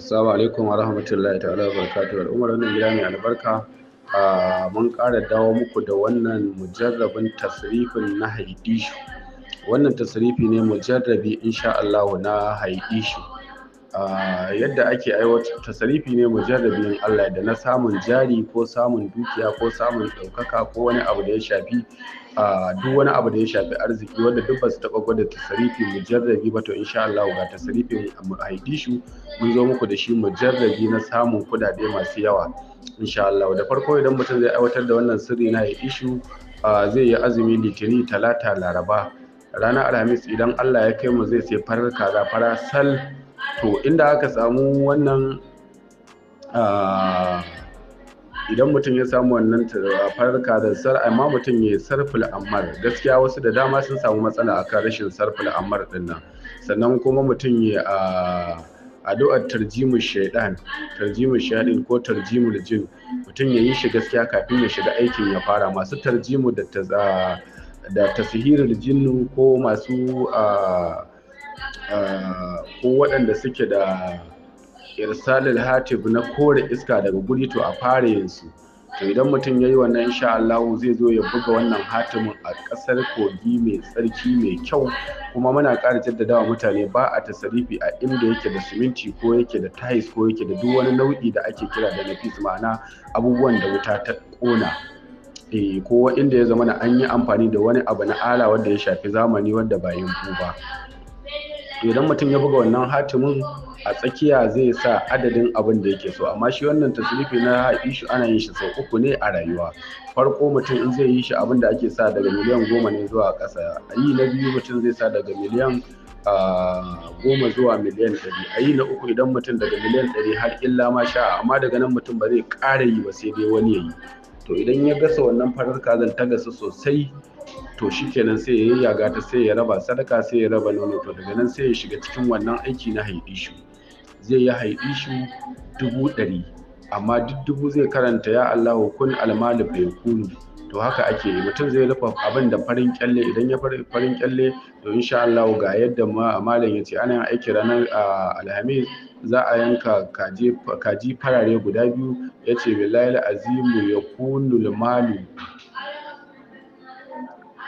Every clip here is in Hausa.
Assalamu alaikum wa rahmatullahi ta'ala wa barakatuhu al'ummar wannan gida mai albarka mun ƙara dawo muku da wannan mujarrabin tasrifin na haidishu wannan tasrifi ne mujarrabi insha Allah na haidishu Ah, yadda ake aiwatar tasarifi ne mujarrabi in Allah da na samun jari ko samun dukiya ko samun ɗaukaka ko wani abu da ya shafi ah, duk wani abu da ya shafi arziki wanda duk ba su taɓa gwada tasarifi mujarrabi ba to insha Allah ga tasarifin mu haidishu mun zo muku da shi mujarrabi na samun kuɗaɗe masu yawa insha Allah da farko idan mutum zai aiwatar da wannan sirri na haidishu ah, zai yi azumi litini talata laraba ranar alhamis idan Allah ya kai mu zai sai farar kaza fara sal to inda aka samu wannan ah, idan mutum ya samu wannan ah, da sar amma mutum ya sarfula ammar gaskiya wasu da dama sun samu matsala akan rashin sarfula ammar din nan sannan kuma mutum ya a ah, addu'ar tarjimu shaidan tarjimu shaidan ko tarjimu jin mutum ya yi shi gaskiya kafin ya shiga aikin ya fara masu tarjimu da da tasihirul jinnu ko masu ko waɗanda suke da irsalil hatib na kore iska daga guri to a fara yinsu to idan mutum ya yi wannan insha Allah zai zo ya buga wannan hatimin a ƙasar kogi mai tsarki mai kyau kuma muna ƙara jaddadawa mutane ba a tasarifi a inda yake da siminti ko yake da tiles ko yake da duk wani nau'i da ake kira da nafis ma'ana abubuwan da wuta ta ƙona eh ko inda ya zama na an yi amfani da wani abu na ala wanda ya shafi zamani wanda ba yin ba idan mutum ya buga wannan hatimin a tsakiya zai sa adadin abin da yake so amma shi wannan tasrifi na haɗi ana yin shi sau uku ne a rayuwa farko mutum in zai yi shi abin da ake sa daga miliyan goma ne zuwa ƙasa a yi na biyu mutum zai sa daga miliyan goma zuwa miliyan ɗari a yi na uku idan mutum daga miliyan ɗari har illa ma sha amma daga nan mutum ba zai ƙara yi ba sai dai wani ya yi to idan ya gasa wannan farar kazan ta gasa sosai to shikenan sai ya yaga ta sai ya raba sadaka sai ya raba nono to daga nan sai ya shiga cikin wannan aiki na shi zai yi shi dubu ɗari amma duk dubu zai karanta ya Allahu kun almalu fa yakunu to haka ake yi mutum zai rufa abin da farin kyalle idan ya farin kyalle to insha Allah ga yadda malam ya ce ana aiki ranar ah, alhamis za a yanka kaji farare guda biyu ya ce billahi azimu ya kunu malu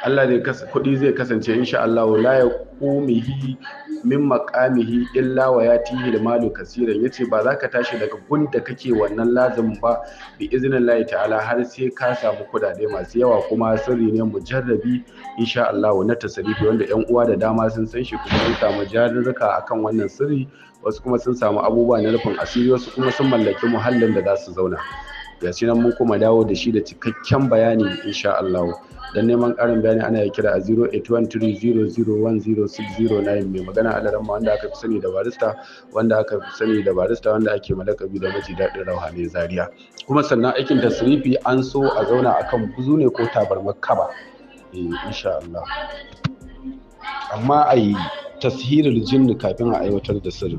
Allah zai kuɗi zai kasance insha Allah la yaqumihi min maqamihi illa wa yatihi da malu kasiran yace ba za ka tashi daga gunda kake wannan lazim ba bi iznillahi ta'ala har sai ka samu kudade masu yawa kuma sirri ne mujarrabi insha Allah na tasarifi wanda ƴan uwa da dama sun san shi kuma sun samu jarurruka akan wannan sirri wasu kuma sun samu abubuwa na rufin asiri wasu kuma sun mallaki muhallin da za su zauna ya nan mun kuma dawo da shi da cikakken bayani insha Allah dan neman ƙarin bayani ana ya kira a 08130010609 mai magana a alaran wanda aka fi sani da barista wanda aka fi sani da barista wanda ake malakabi da maji daɗin rauhane zaria kuma sannan aikin tasrifi an so a zauna akan buzu ne ko tabar kaba eh, insha Allah amma a yi tashirul jinni kafin a aiwatar da sirri